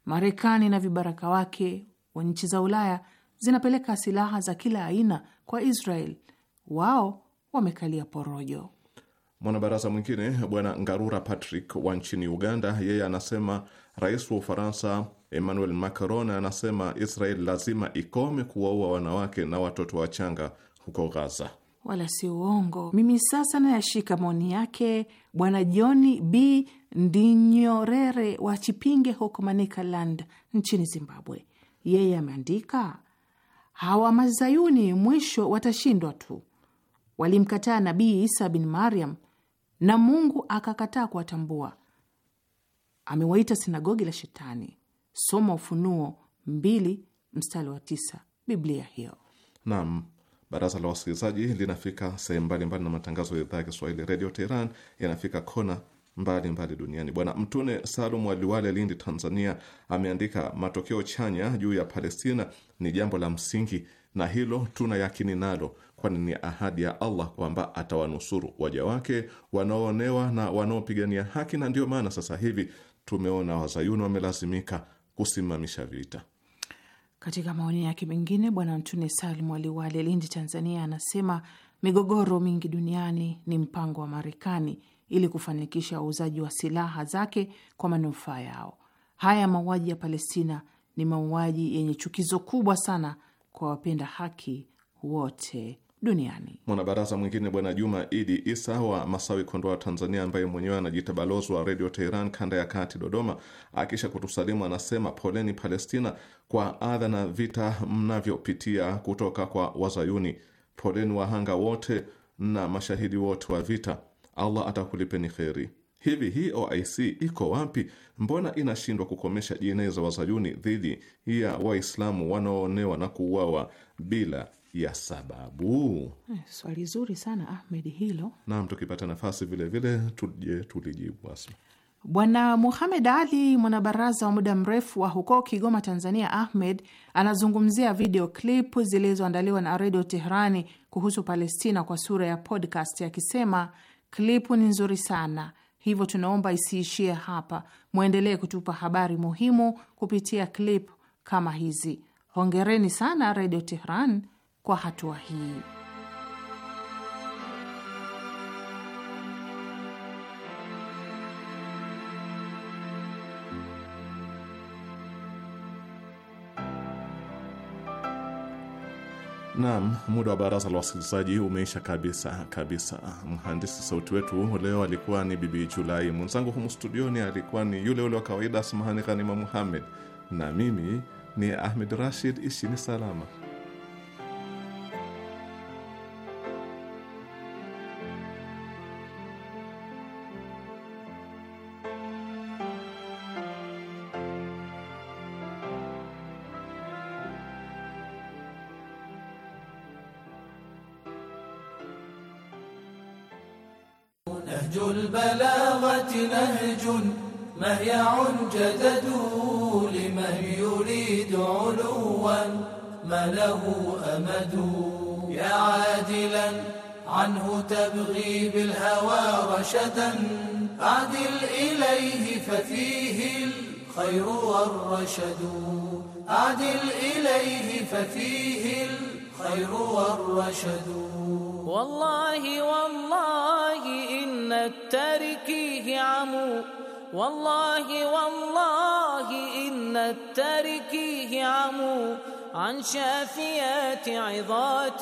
Marekani na vibaraka wake wa nchi za Ulaya zinapeleka silaha za kila aina kwa Israel, wao wamekalia porojo. Mwanabaraza mwingine Bwana Ngarura Patrick wa nchini Uganda, yeye anasema rais wa Ufaransa Emmanuel Macron anasema Israel lazima ikome kuwaua wanawake na watoto wachanga huko Gaza. Wala si uongo. Mimi sasa nayashika maoni yake Bwana Johni B Ndinyorere wa Chipinge huko Manicaland nchini Zimbabwe. Yeye ameandika hawa mazayuni mwisho watashindwa tu. Walimkataa Nabii Isa bin Mariam na Mungu akakataa kuwatambua. Amewaita sinagogi la Shetani. Soma Ufunuo mbili mstari wa tisa Biblia hiyo. Naam. Baraza la wasikilizaji linafika sehemu mbalimbali, na matangazo ya idhaa ya Kiswahili Redio Teheran yanafika kona mbalimbali mbali duniani. Bwana Mtune Salum wa Liwale, Lindi, Tanzania, ameandika matokeo chanya juu ya Palestina ni jambo la msingi, na hilo tuna yakini nalo kwani ni ahadi ya Allah kwamba atawanusuru waja wake wanaoonewa na wanaopigania haki, na ndio maana sasa hivi tumeona wazayuni wamelazimika kusimamisha vita. Katika maoni yake mengine, Bwana Mtune Salim Aliwali, Lindi, Tanzania, anasema migogoro mingi duniani ni mpango wa Marekani ili kufanikisha uuzaji wa silaha zake kwa manufaa yao. Haya mauaji ya Palestina ni mauaji yenye chukizo kubwa sana kwa wapenda haki wote duniani. Mwanabaraza mwingine Bwana Juma Idi Isa wa Masawi, Kondoa, Tanzania, ambaye mwenyewe anajiita balozi wa Redio Teheran kanda ya kati Dodoma, akisha kutusalimu anasema poleni Palestina kwa adha na vita mnavyopitia kutoka kwa Wazayuni. Poleni wahanga wote na mashahidi wote wa vita, Allah atakulipeni kheri. Hivi hii OIC iko wapi? Mbona inashindwa kukomesha jinai za Wazayuni dhidi ya Waislamu wanaoonewa na kuuawa bila ya sababu. Eh, swali zuri sana Ahmed hilo. Naam, tukipata nafasi vilevile tuje tulijibu Asma. Bwana Muhamed Ali, mwanabaraza wa muda mrefu wa huko Kigoma, Tanzania, Ahmed anazungumzia video clip zilizoandaliwa na Redio Teherani kuhusu Palestina kwa sura ya podcast, akisema klipu ni nzuri sana, hivyo tunaomba isiishie hapa, mwendelee kutupa habari muhimu kupitia klip kama hizi. Hongereni sana Redio Teheran kwa hatua hii. Naam, muda wa baraza la wasikilizaji umeisha kabisa kabisa. Mhandisi sauti wetu leo alikuwa ni Bibi Julai, mwenzangu humu studioni alikuwa ni yule ule wa kawaida Asmahani Ghanima Muhammed, na mimi ni Ahmed Rashid. Ishini salama. أمد يا عادلا عنه تبغي بالهوى رشدا أعدل إليه ففيه الخير والرشد أعدل إليه ففيه الخير والرشد والله والله إن التركيه عمو والله والله إن التركيه عمو عن شافيات عظات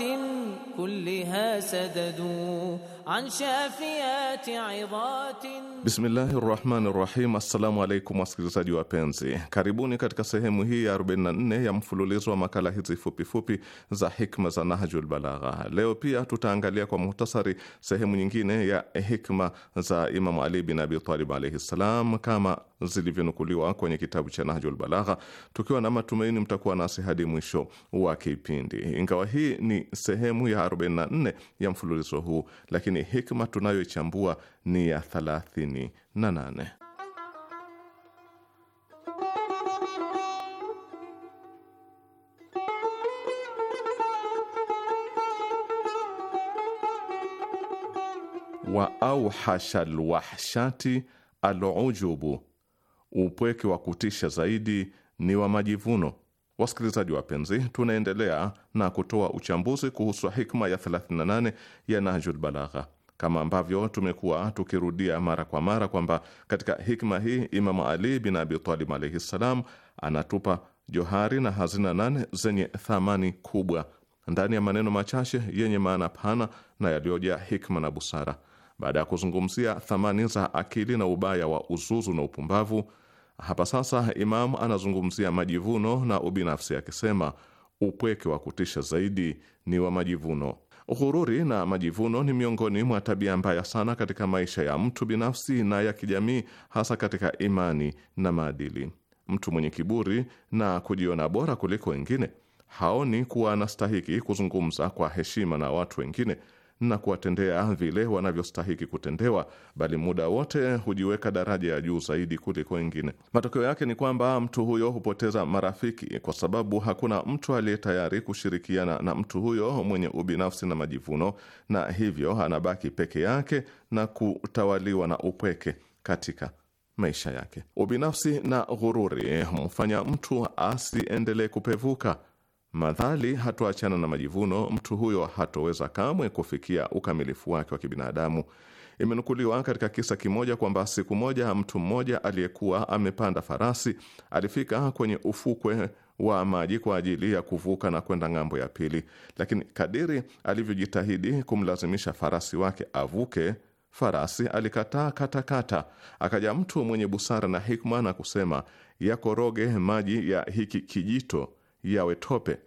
كلها سددوا an shafiyati idhatin. Bismillahir Rahmanir Rahim. Assalamu alaykum wasikilizaji wapenzi, karibuni katika sehemu hii ya 44 ya mfululizo wa makala hizi fupifupi za hikma za Nahjul Balagha. Leo pia tutaangalia kwa muhtasari sehemu nyingine ya hikma za Imam Ali bin Abi Talib alayhi salam kama zilivyonukuliwa kwenye kitabu cha Nahjul Balagha, tukiwa na matumaini mtakuwa nasi hadi mwisho wa kipindi. Ingawa hii ni sehemu ya 44 ya mfululizo huu, lakini lakini hikma tunayoichambua ni ya thelathini na nane. wa auhasha lwahshati alujubu, upweke wa kutisha zaidi ni wa majivuno. Wasikilizaji wapenzi, tunaendelea na kutoa uchambuzi kuhusu hikma ya 38 ya Nahjul Balagha. Kama ambavyo tumekuwa tukirudia mara kwa mara kwamba katika hikma hii Imamu Ali bin Abi Talib alaihi ssalam anatupa johari na hazina nane zenye thamani kubwa ndani ya maneno machache yenye maana pana na yaliyojaa hikma na busara. Baada ya kuzungumzia thamani za akili na ubaya wa uzuzu na upumbavu hapa sasa Imam anazungumzia majivuno na ubinafsi akisema, upweke wa kutisha zaidi ni wa majivuno. Ghururi na majivuno ni miongoni mwa tabia mbaya sana katika maisha ya mtu binafsi na ya kijamii, hasa katika imani na maadili. Mtu mwenye kiburi na kujiona bora kuliko wengine haoni kuwa anastahiki kuzungumza kwa heshima na watu wengine na kuwatendea vile wanavyostahiki kutendewa, bali muda wote hujiweka daraja ya juu zaidi kuliko wengine. Matokeo yake ni kwamba mtu huyo hupoteza marafiki, kwa sababu hakuna mtu aliye tayari kushirikiana na mtu huyo mwenye ubinafsi na majivuno, na hivyo anabaki peke yake na kutawaliwa na upweke katika maisha yake. Ubinafsi na ghururi humfanya mtu asiendelee kupevuka Madhali hatuachana na majivuno, mtu huyo hatoweza kamwe kufikia ukamilifu wake wa kibinadamu. Imenukuliwa katika kisa kimoja kwamba siku moja mtu mmoja aliyekuwa amepanda farasi alifika kwenye ufukwe wa maji kwa ajili ya kuvuka na kwenda ng'ambo ya pili, lakini kadiri alivyojitahidi kumlazimisha farasi wake avuke, farasi alikataa kata katakata. Akaja mtu mwenye busara na hikma na kusema, yakoroge maji ya hiki kijito yawe tope.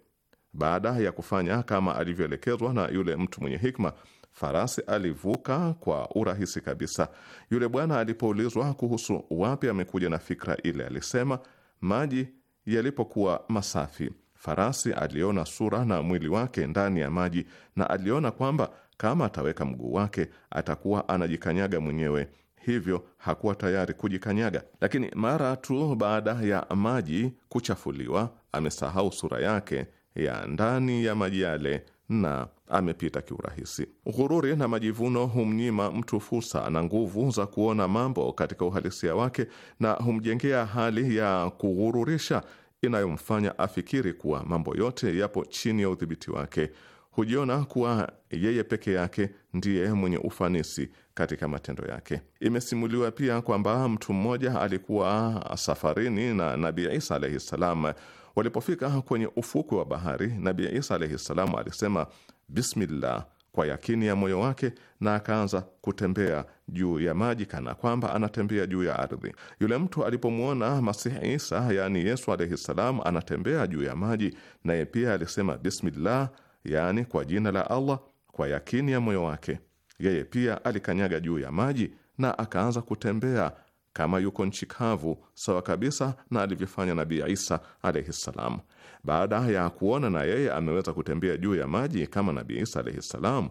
Baada ya kufanya kama alivyoelekezwa na yule mtu mwenye hikma, farasi alivuka kwa urahisi kabisa. Yule bwana alipoulizwa kuhusu wapi amekuja na fikra ile, alisema maji yalipokuwa masafi, farasi aliona sura na mwili wake ndani ya maji, na aliona kwamba kama ataweka mguu wake atakuwa anajikanyaga mwenyewe hivyo hakuwa tayari kujikanyaga. Lakini mara tu baada ya maji kuchafuliwa, amesahau sura yake ya ndani ya maji yale na amepita kiurahisi. Ghururi na majivuno humnyima mtu fursa na nguvu za kuona mambo katika uhalisia wake na humjengea hali ya kughururisha inayomfanya afikiri kuwa mambo yote yapo chini ya udhibiti wake, hujiona kuwa yeye peke yake ndiye mwenye ufanisi katika matendo yake. Imesimuliwa pia kwamba mtu mmoja alikuwa safarini na Nabii Isa alaihi ssalam. Walipofika kwenye ufukwe wa bahari, Nabii Isa alaihi ssalam alisema bismillah kwa yakini ya moyo wake na akaanza kutembea juu ya maji kana kwamba anatembea juu ya ardhi. Yule mtu alipomwona Masihi Isa, yaani Yesu alaihi ssalam, anatembea juu ya maji, naye pia alisema bismillah yaani kwa jina la Allah, kwa yakini ya moyo wake. Yeye pia alikanyaga juu ya maji na akaanza kutembea kama yuko nchi kavu, sawa kabisa na alivyofanya Nabii Isa alaihi ssalam. Baada ya kuona na yeye ameweza kutembea juu ya maji kama Nabii Isa alaihi ssalam,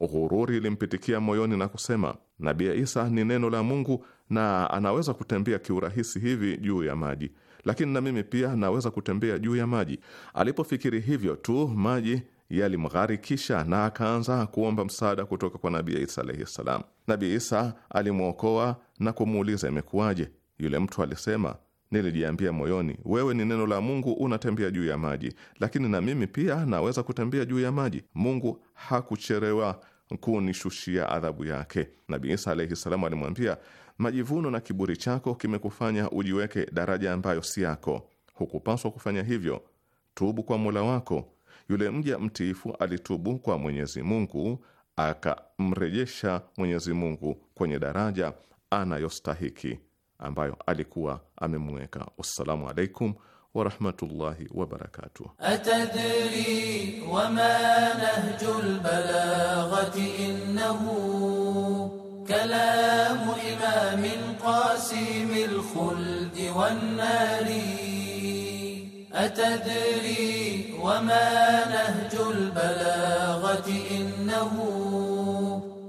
ghururi ilimpitikia moyoni na kusema, Nabii Isa ni neno la Mungu na anaweza kutembea kiurahisi hivi juu ya maji, lakini na mimi pia naweza kutembea juu ya maji. Alipofikiri hivyo tu, maji yalimgharikisha na akaanza kuomba msaada kutoka kwa Nabii Isa alaihi ssalam. Nabii Isa alimwokoa na kumuuliza imekuwaje? Yule mtu alisema, nilijiambia moyoni, wewe ni neno la Mungu, unatembea juu ya maji, lakini na mimi pia naweza kutembea juu ya maji. Mungu hakucherewa kunishushia adhabu yake. Nabii Isa alaihi ssalamu alimwambia, majivuno na kiburi chako kimekufanya ujiweke daraja ambayo si yako. Hukupaswa kufanya hivyo. Tubu kwa Mola wako yule mja mtiifu alitubu kwa Mwenyezi Mungu, akamrejesha Mwenyezi Mungu kwenye daraja anayostahiki ambayo alikuwa amemweka. Wassalamu alaikum warahmatullahi wabarakatuh. Atadri wama nahjul balaghati innahu kalamu imamin qasimil khuldi wan nari أتدري وما نهج البلاغة إنه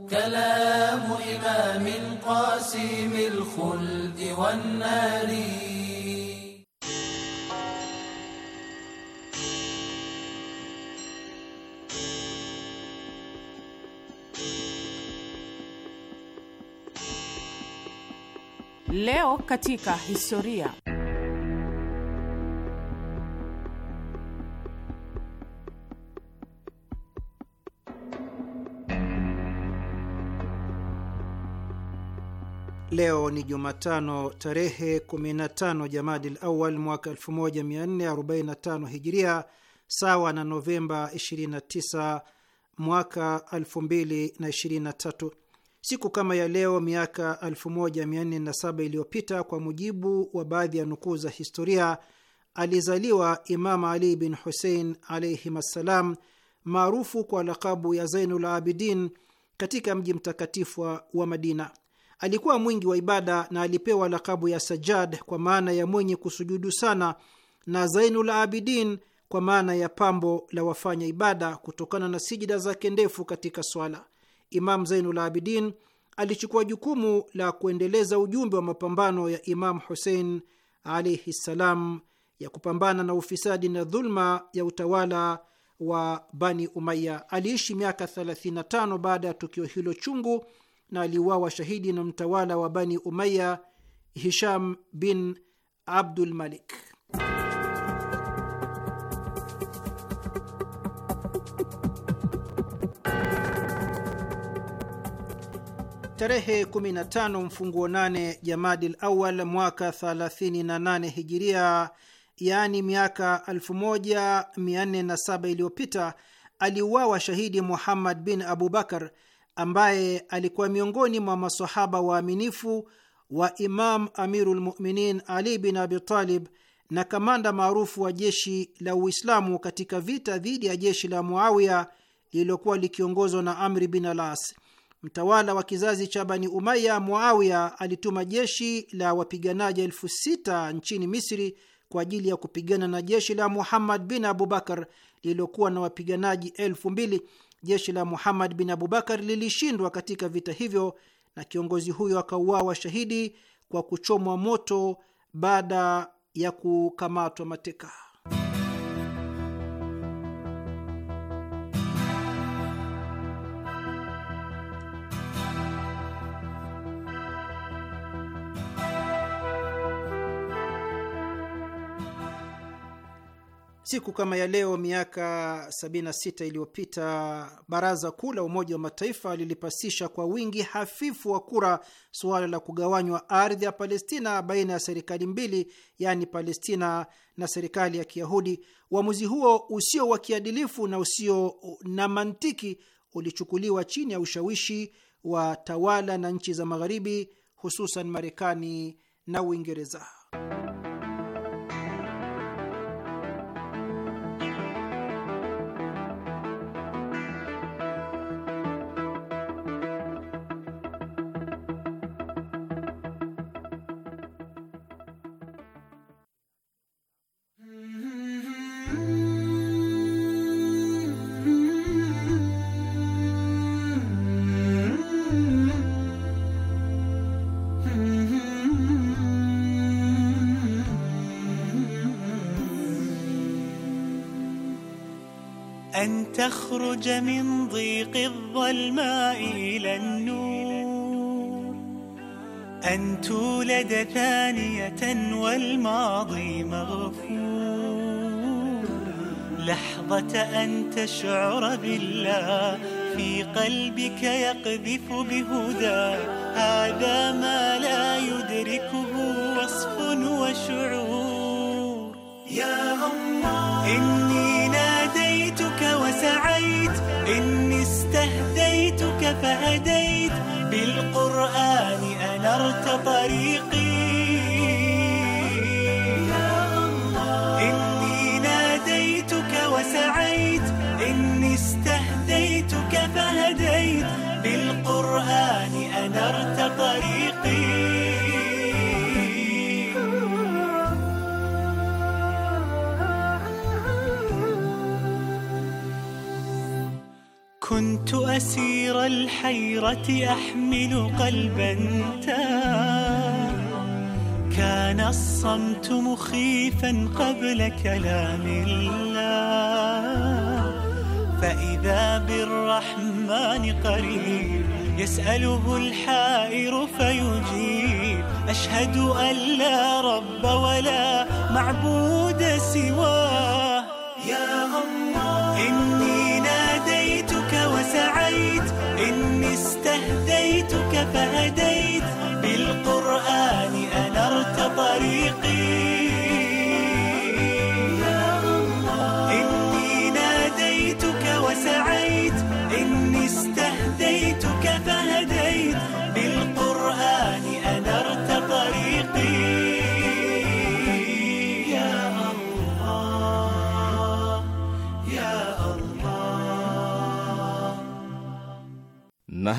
كلام إمام قاسم الخلد والنار Leo katika historia. Leo ni Jumatano, tarehe 15 Jamadil Awal mwaka 1445 Hijiria, sawa na Novemba 29 mwaka 2023. Siku kama ya leo miaka 1407 iliyopita, kwa mujibu wa baadhi ya nukuu za historia, alizaliwa Imam Ali bin Husein alaihim assalam, maarufu kwa lakabu ya Zainul Abidin, katika mji mtakatifu wa Madina. Alikuwa mwingi wa ibada na alipewa lakabu ya Sajad kwa maana ya mwenye kusujudu sana, na Zainul Abidin kwa maana ya pambo la wafanya ibada, kutokana na sijida zake ndefu katika swala. Imam Zainul Abidin alichukua jukumu la kuendeleza ujumbe wa mapambano ya Imam Husein alaihi ssalam ya kupambana na ufisadi na dhulma ya utawala wa Bani Umaya. Aliishi miaka 35 baada ya tukio hilo chungu na aliuawa shahidi na mtawala wa Bani Umaya Hisham bin Abdul Malik. Tarehe 15 mfunguo 8 Jamadil Awal mwaka 38 Hijiria, yaani miaka 1407 iliyopita, aliuawa shahidi Muhammad bin Abubakar ambaye alikuwa miongoni mwa masahaba waaminifu wa Imam Amirul Muminin Ali bin Talib na kamanda maarufu wa jeshi la Uislamu katika vita dhidi ya jeshi la Muawiya lililokuwa likiongozwa na Amri bin Alas. Mtawala wa kizazi cha Bani Umaya, Muawiya alituma jeshi la wapiganaji elfu sita nchini Misri kwa ajili ya kupigana na jeshi la Muhammad bin Abubakar lililokuwa na wapiganaji elfu mbili jeshi la Muhammad bin Abubakar lilishindwa katika vita hivyo na kiongozi huyo akauawa shahidi kwa kuchomwa moto baada ya kukamatwa mateka. Siku kama ya leo miaka 76 iliyopita Baraza Kuu la Umoja wa Mataifa lilipasisha kwa wingi hafifu wa kura suala la kugawanywa ardhi ya Palestina baina ya serikali mbili, yaani Palestina na serikali ya Kiyahudi. Uamuzi huo usio wa kiadilifu na usio na mantiki ulichukuliwa chini ya ushawishi wa tawala na nchi za Magharibi, hususan Marekani na Uingereza. أن تخرج من ضيق الظلماء إلى النور أن تولد ثانية والماضي مغفور لحظة أن تشعر بالله في قلبك يقذف بهدى هذا ما لا يدركه وصف وشعور يا الله إني إني استهديتك فهديت بالقرآن أنرت طريقي يا الله إني ناديتك وسعيت إني استهديتك فهديت بالقرآن أنرت طريقي مسير الحيرة أحمل قلبا تام كان الصمت مخيفا قبل كلام الله فإذا بالرحمن قريب يسأله الحائر فيجيب أشهد أن لا رب ولا معبود سواه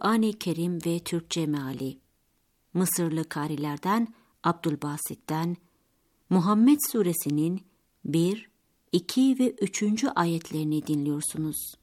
Kur'an-ı Kerim ve Türkçe meali. Mısırlı karilerden Abdülbasit'ten Muhammed Suresinin 1, 2 ve 3. ayetlerini dinliyorsunuz.